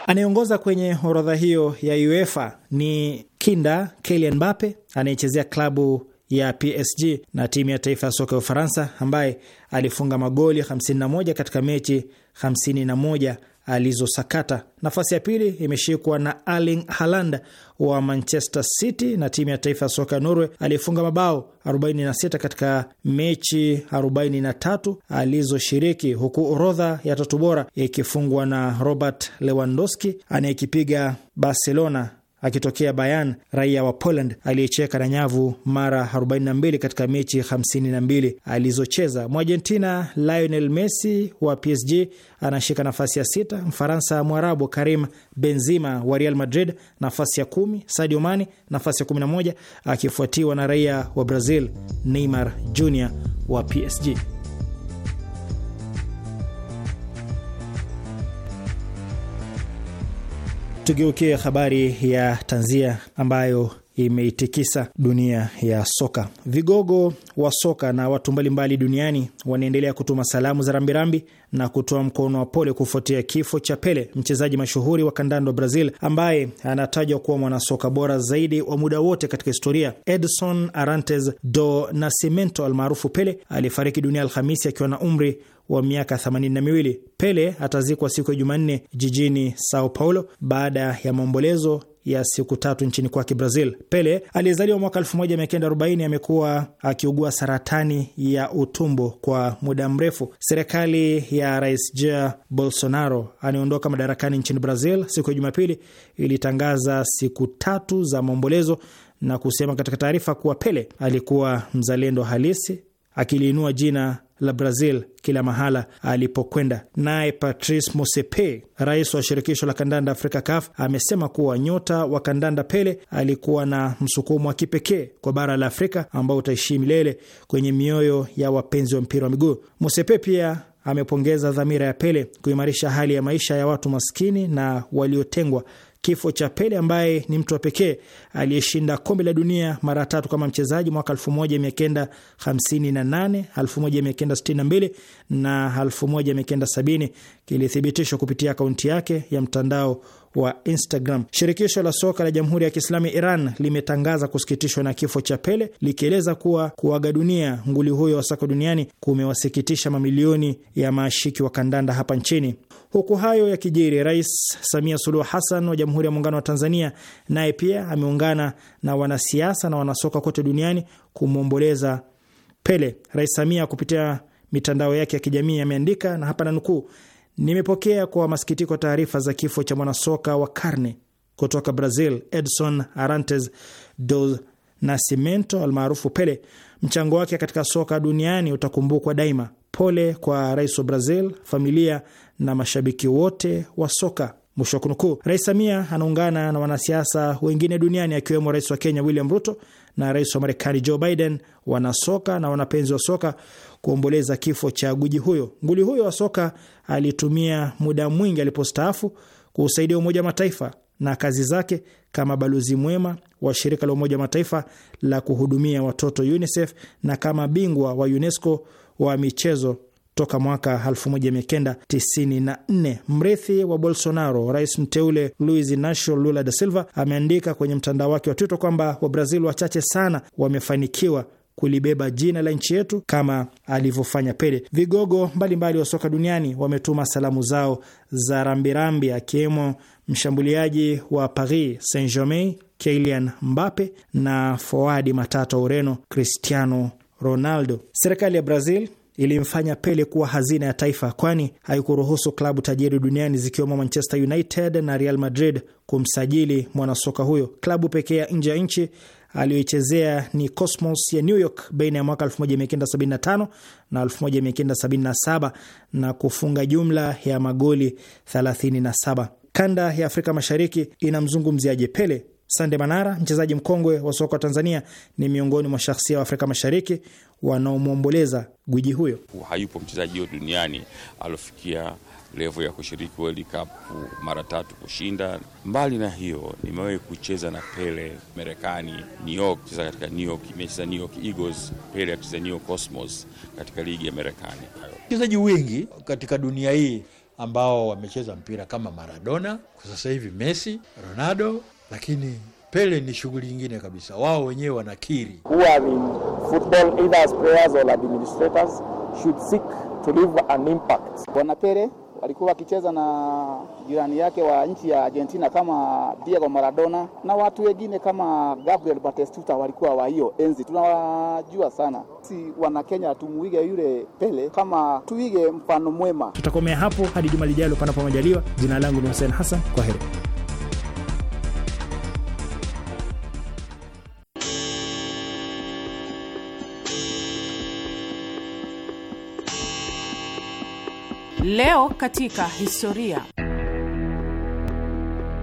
Anayeongoza kwenye orodha hiyo ya UEFA ni kinda Kylian Mbappe anayechezea klabu ya PSG na timu ya taifa ya soka ya Ufaransa ambaye alifunga magoli 51 katika mechi 51 alizosakata. Nafasi ya pili imeshikwa na Erling Haaland wa Manchester City na timu ya taifa ya soka ya Norway aliyefunga mabao 46 katika mechi 43 alizoshiriki, huku orodha ya tatu bora ikifungwa na Robert Lewandowski anayekipiga Barcelona akitokea Bayan, raia wa Poland aliyecheka na nyavu mara 42 katika mechi 52 alizocheza. Mwargentina Lionel Messi wa PSG anashika nafasi ya sita, Mfaransa mwarabu Karim Benzima wa Real Madrid nafasi ya kumi, Sadio Mane nafasi ya 11 akifuatiwa na raia wa Brazil Neymar Jr wa PSG. Tugeukie habari ya tanzia ambayo imeitikisa dunia ya soka. Vigogo wa soka na watu mbalimbali duniani wanaendelea kutuma salamu za rambirambi na kutoa mkono wa pole kufuatia kifo cha Pele, mchezaji mashuhuri wa kandanda wa Brazil ambaye anatajwa kuwa mwanasoka bora zaidi wa muda wote katika historia. Edson Arantes do Nascimento almaarufu Pele alifariki dunia Alhamisi akiwa na umri wa miaka miwili Pele atazikwa siku ya Jumanne jijini Sao Paulo baada ya maombolezo ya siku tatu nchini kwake Brazil. Pele aliyezaliwa mwaka 1940 amekuwa akiugua saratani ya utumbo kwa muda mrefu. Serikali ya Rais Jair Bolsonaro anayeondoka madarakani nchini Brazil siku ya Jumapili ilitangaza siku tatu za maombolezo na kusema katika taarifa kuwa Pele alikuwa mzalendo halisi, akiliinua jina la Brazil kila mahala alipokwenda. Naye Patrice Motsepe, rais wa shirikisho la kandanda Afrika CAF, amesema kuwa nyota wa kandanda Pele alikuwa na msukumo wa kipekee kwa bara la Afrika ambao utaishi milele kwenye mioyo ya wapenzi wa mpira wa miguu. Motsepe pia amepongeza dhamira ya Pele kuimarisha hali ya maisha ya watu maskini na waliotengwa kifo cha Pele ambaye ni mtu wa pekee aliyeshinda kombe la dunia mara tatu kama mchezaji mwaka 1958, 1962 na 1970, kilithibitishwa kupitia akaunti yake ya mtandao wa Instagram. Shirikisho la soka la Jamhuri ya Kiislamu Iran limetangaza kusikitishwa na kifo cha Pele likieleza kuwa kuaga dunia nguli huyo wa soka duniani kumewasikitisha mamilioni ya maashiki wa kandanda hapa nchini. Huku hayo ya kijiri, Rais Samia Suluhu Hassan wa Jamhuri ya Muungano wa Tanzania naye pia ameungana na wanasiasa na wanasoka kote duniani kumwomboleza Pele. Rais Samia kupitia mitandao yake ya kijamii ameandika, na hapa nanukuu, nimepokea kwa masikitiko taarifa za kifo cha mwanasoka wa karne kutoka Brazil Edson Arantes do Nascimento almaarufu Pele. Mchango wake katika soka duniani utakumbukwa daima. Pole kwa rais wa Brazil, familia na mashabiki wote wa soka. Mwisho wa kunukuu. Rais Samia anaungana na wanasiasa wengine duniani akiwemo rais wa Kenya William Ruto na rais wa Marekani Joe Biden, wanasoka na wanapenzi wa soka kuomboleza kifo cha guji huyo. Nguli huyo wa soka alitumia muda mwingi alipostaafu kuusaidia Umoja wa Mataifa na kazi zake kama balozi mwema wa shirika la Umoja wa Mataifa la kuhudumia watoto UNICEF na kama bingwa wa UNESCO wa michezo toka mwaka 1994. Mrithi wa Bolsonaro, rais mteule Luiz Inacio Lula da Silva, ameandika kwenye mtandao wake wa Twitter kwamba Wabrazil wachache sana wamefanikiwa kulibeba jina la nchi yetu kama alivyofanya Pele. Vigogo mbalimbali mbali wa soka duniani wametuma salamu zao za rambirambi, akiwemo mshambuliaji wa Paris Saint Germain Kylian Mbappe na foadi matata wa Ureno Cristiano Ronaldo. Serikali ya Brazil ilimfanya Pele kuwa hazina ya taifa, kwani haikuruhusu klabu tajiri duniani zikiwemo Manchester United na Real Madrid kumsajili mwanasoka huyo. Klabu pekee ya nje ya nchi aliyoichezea ni Cosmos ya New York baina ya mwaka 1975 na 1977 na kufunga jumla ya magoli 37. Kanda ya Afrika Mashariki inamzungumziaje Pele? Sande Manara, mchezaji mkongwe wa soka wa Tanzania, ni miongoni mwa shahsia wa Afrika Mashariki wanaomwomboleza gwiji huyo. Hayupo mchezaji huyo duniani aliofikia levo ya kushiriki World Cup mara tatu kushinda. Mbali na hiyo, nimewahi kucheza na Pele Marekani, New York, cheza katika New York, imecheza New York Eagles, Pele akicheza New York Cosmos katika ligi ya Marekani. Wachezaji wengi katika dunia hii ambao wamecheza mpira kama Maradona, kwa sasa hivi Messi, Ronaldo lakini Pele ni shughuli nyingine kabisa, wao wenyewe wanakiri who ni football either as players or administrators should seek to leave an impact. Bwana Pele alikuwa akicheza na jirani yake wa nchi ya Argentina kama Diego Maradona na watu wengine kama Gabriel Batistuta walikuwa wa hiyo enzi, tunawajua sana. Si wana Kenya tumuige yule Pele kama tuige mfano mwema. Tutakomea hapo hadi juma lijalo, panapo majaliwa. Jina langu ni Hussein Hassan, kwa heri. Leo katika historia.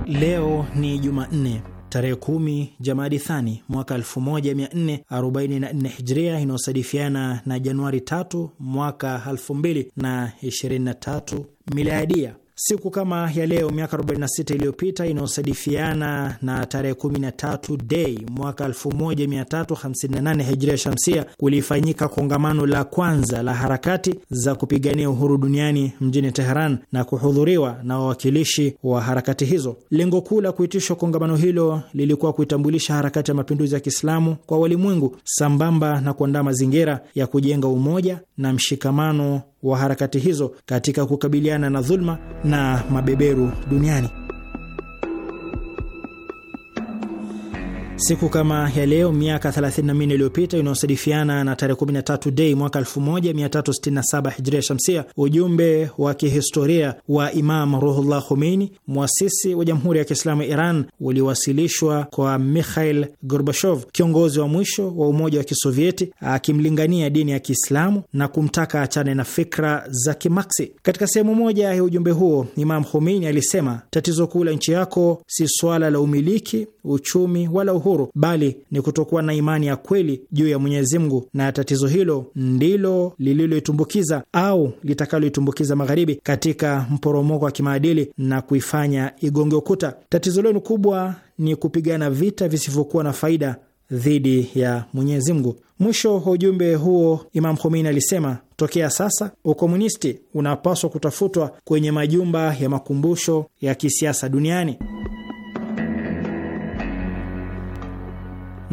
Leo ni Jumanne tarehe kumi Jamadi Thani mwaka 1444 Hijria, inayosadifiana na Januari 3 mwaka 2023 Miliadia. Siku kama ya leo miaka 46 iliyopita inayosadifiana na tarehe 13 Dei mwaka 1358 Hijria Shamsia, kulifanyika kongamano la kwanza la harakati za kupigania uhuru duniani mjini Teheran na kuhudhuriwa na wawakilishi wa harakati hizo. Lengo kuu la kuitishwa kongamano hilo lilikuwa kuitambulisha harakati ya mapinduzi ya Kiislamu kwa walimwengu sambamba na kuandaa mazingira ya kujenga umoja na mshikamano wa harakati hizo katika kukabiliana na dhulma na mabeberu duniani. Siku kama ya leo miaka 34 iliyopita inayosadifiana na tarehe 13 Dei mwaka 1367 Hijria Shamsia, ujumbe wa kihistoria wa Imam Ruhullah Khomeini, mwasisi wa Jamhuri ya Kiislamu ya Iran, uliwasilishwa kwa Mikhail Gorbachev, kiongozi wa mwisho wa Umoja wa Kisovieti, akimlingania dini ya Kiislamu na kumtaka achane na fikra za Kimaksi. Katika sehemu moja ya ujumbe huo, Imam Khomeini alisema, tatizo kuu la nchi yako si swala la umiliki, uchumi wala uhuru, bali ni kutokuwa na imani ya kweli juu ya Mwenyezi Mungu, na tatizo hilo ndilo lililoitumbukiza au litakaloitumbukiza Magharibi katika mporomoko wa kimaadili na kuifanya igonge ukuta. Tatizo lenu kubwa ni kupigana vita visivyokuwa na faida dhidi ya Mwenyezi Mungu. Mwisho wa ujumbe huo, Imam Khomeini alisema, tokea sasa ukomunisti unapaswa kutafutwa kwenye majumba ya makumbusho ya kisiasa duniani.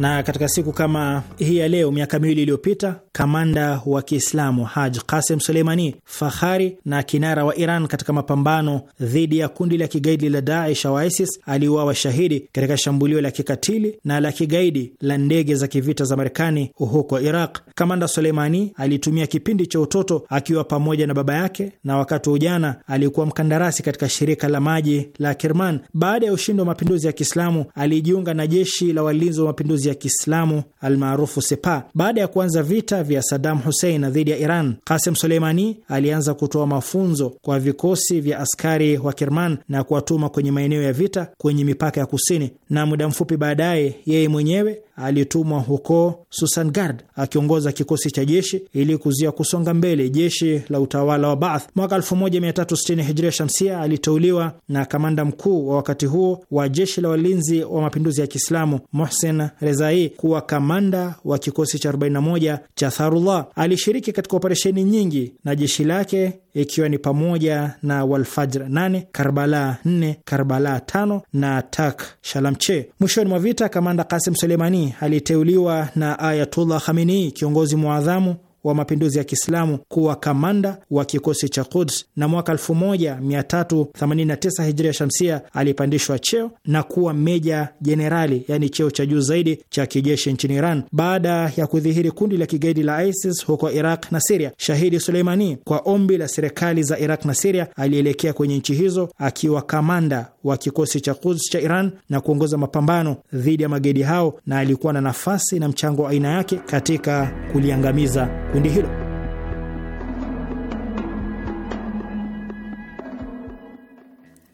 na katika siku kama hii ya leo miaka miwili iliyopita kamanda wa Kiislamu Haj Qasem soleimani fahari na kinara wa Iran katika mapambano dhidi ya kundi la kigaidi la Daesh au ISIS, aliuawa shahidi katika shambulio la kikatili na la kigaidi la ndege za kivita za Marekani huko Iraq. Kamanda soleimani alitumia kipindi cha utoto akiwa pamoja na baba yake, na wakati wa ujana alikuwa mkandarasi katika shirika la maji la Kerman. Baada ya ushindi wa mapinduzi ya Kiislamu, alijiunga na jeshi la walinzi wa mapinduzi ya Kiislamu almaarufu Sepa. Baada ya kuanza vita vya Saddam Hussein dhidi ya Iran, Qasem Soleimani alianza kutoa mafunzo kwa vikosi vya askari wa kirman na kuwatuma kwenye maeneo ya vita kwenye mipaka ya kusini, na muda mfupi baadaye yeye mwenyewe alitumwa huko Susangard akiongoza kikosi cha jeshi ili kuzia kusonga mbele jeshi la utawala wa Baath. Mwaka 1360 hijria shamsia aliteuliwa na kamanda mkuu wa wakati huo wa jeshi la walinzi wa mapinduzi ya Kiislamu Mohsen Rezai kuwa kamanda wa kikosi cha 41 cha Tharullah. Alishiriki katika operesheni nyingi na jeshi lake ikiwa ni pamoja na Walfajr 8, Karbala 4, Karbala 5 na Tak Shalamche. Mwishoni mwa vita, kamanda Kasim Suleimani aliteuliwa na Ayatullah Khamenei, kiongozi mwadhamu wa mapinduzi ya Kiislamu kuwa kamanda wa kikosi cha Quds na mwaka 1389 hijria shamsia alipandishwa cheo na kuwa meja jenerali, yani cheo cha juu zaidi cha kijeshi nchini Iran baada ya kudhihiri kundi la kigaidi la ISIS huko Iraq na Siria. Shahidi Suleimani, kwa ombi la serikali za Iraq na Siria, alielekea kwenye nchi hizo akiwa kamanda wa kikosi cha Quds cha Iran na kuongoza mapambano dhidi ya magaidi hao, na alikuwa na nafasi na mchango wa aina yake katika kuliangamiza kundi hilo.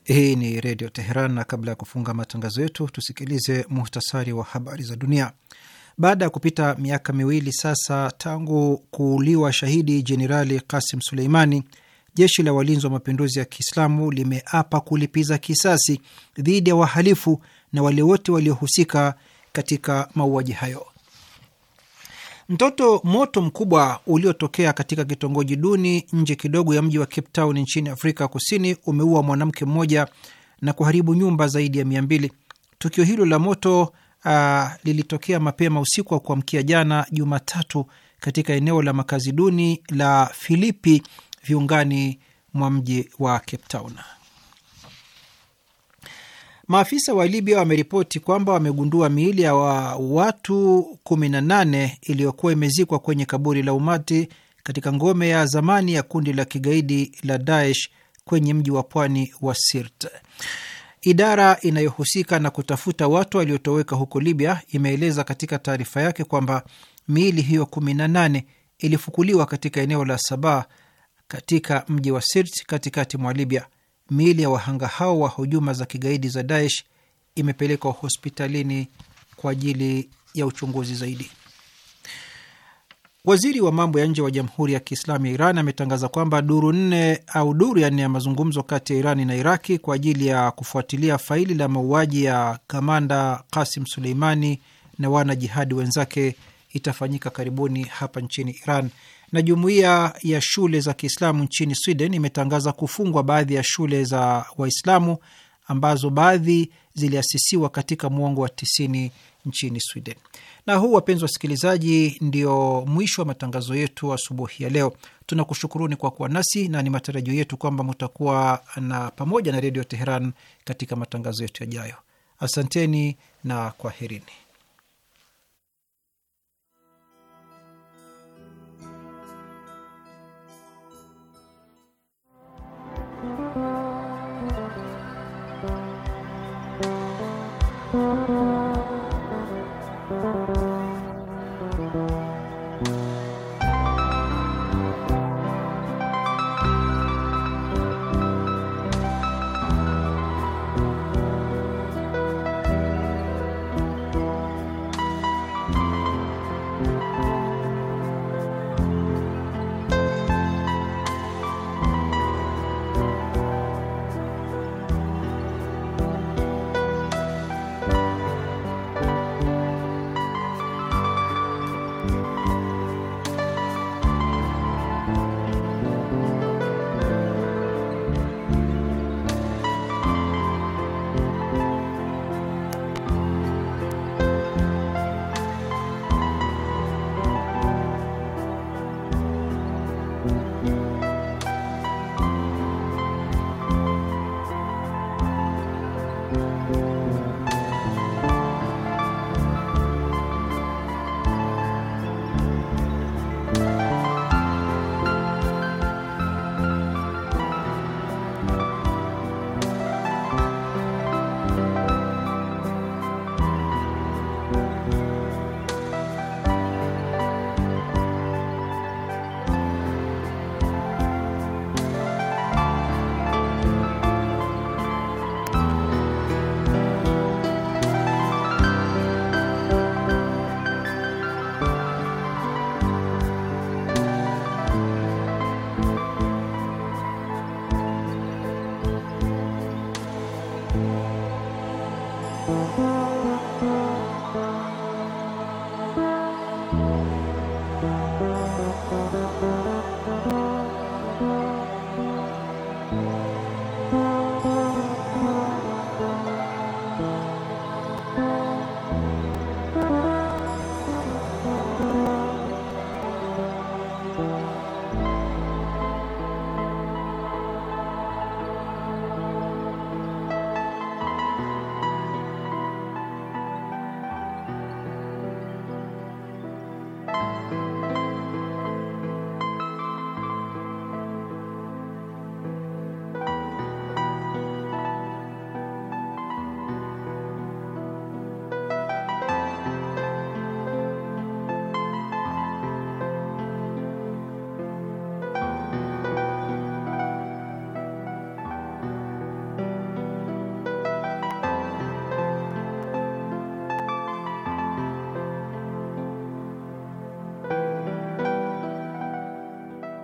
Hii ni Redio Teheran, na kabla ya kufunga matangazo yetu tusikilize muhtasari wa habari za dunia. Baada ya kupita miaka miwili sasa tangu kuuliwa shahidi Jenerali Kasim Suleimani, jeshi la walinzi wa mapinduzi ya Kiislamu limeapa kulipiza kisasi dhidi ya wahalifu na wale wote waliohusika katika mauaji hayo. Mtoto moto mkubwa uliotokea katika kitongoji duni nje kidogo ya mji wa Cape Town nchini Afrika Kusini umeua mwanamke mmoja na kuharibu nyumba zaidi ya mia mbili. Tukio hilo la moto uh, lilitokea mapema usiku wa kuamkia jana Jumatatu katika eneo la makazi duni la Filipi viungani mwa mji wa Cape Town. Maafisa wa Libya wameripoti kwamba wamegundua miili ya wa watu 18 iliyokuwa imezikwa kwenye kaburi la umati katika ngome ya zamani ya kundi la kigaidi la Daesh kwenye mji wa pwani wa Sirte. Idara inayohusika na kutafuta watu waliotoweka huko Libya imeeleza katika taarifa yake kwamba miili hiyo 18 ilifukuliwa katika eneo la Sabaa katika mji wa Sirt katikati mwa Libya miili ya wahanga hao wa hujuma za kigaidi za Daesh imepelekwa hospitalini kwa ajili ya uchunguzi zaidi. Waziri wa mambo ya nje wa Jamhuri ya Kiislamu ya Iran ametangaza kwamba duru nne au duru ya nne ya mazungumzo kati ya Irani na Iraki kwa ajili ya kufuatilia faili la mauaji ya kamanda Kasim Suleimani na wanajihadi wenzake itafanyika karibuni hapa nchini Iran. Na jumuiya ya shule za Kiislamu nchini Sweden imetangaza kufungwa baadhi ya shule za Waislamu ambazo baadhi ziliasisiwa katika mwongo wa tisini nchini Sweden. Na huu, wapenzi wasikilizaji, ndio mwisho wa matangazo yetu asubuhi ya leo. Tunakushukuruni kwa kuwa nasi na ni matarajio yetu kwamba mutakuwa na pamoja na Redio Teheran katika matangazo yetu yajayo. Asanteni na kwaherini.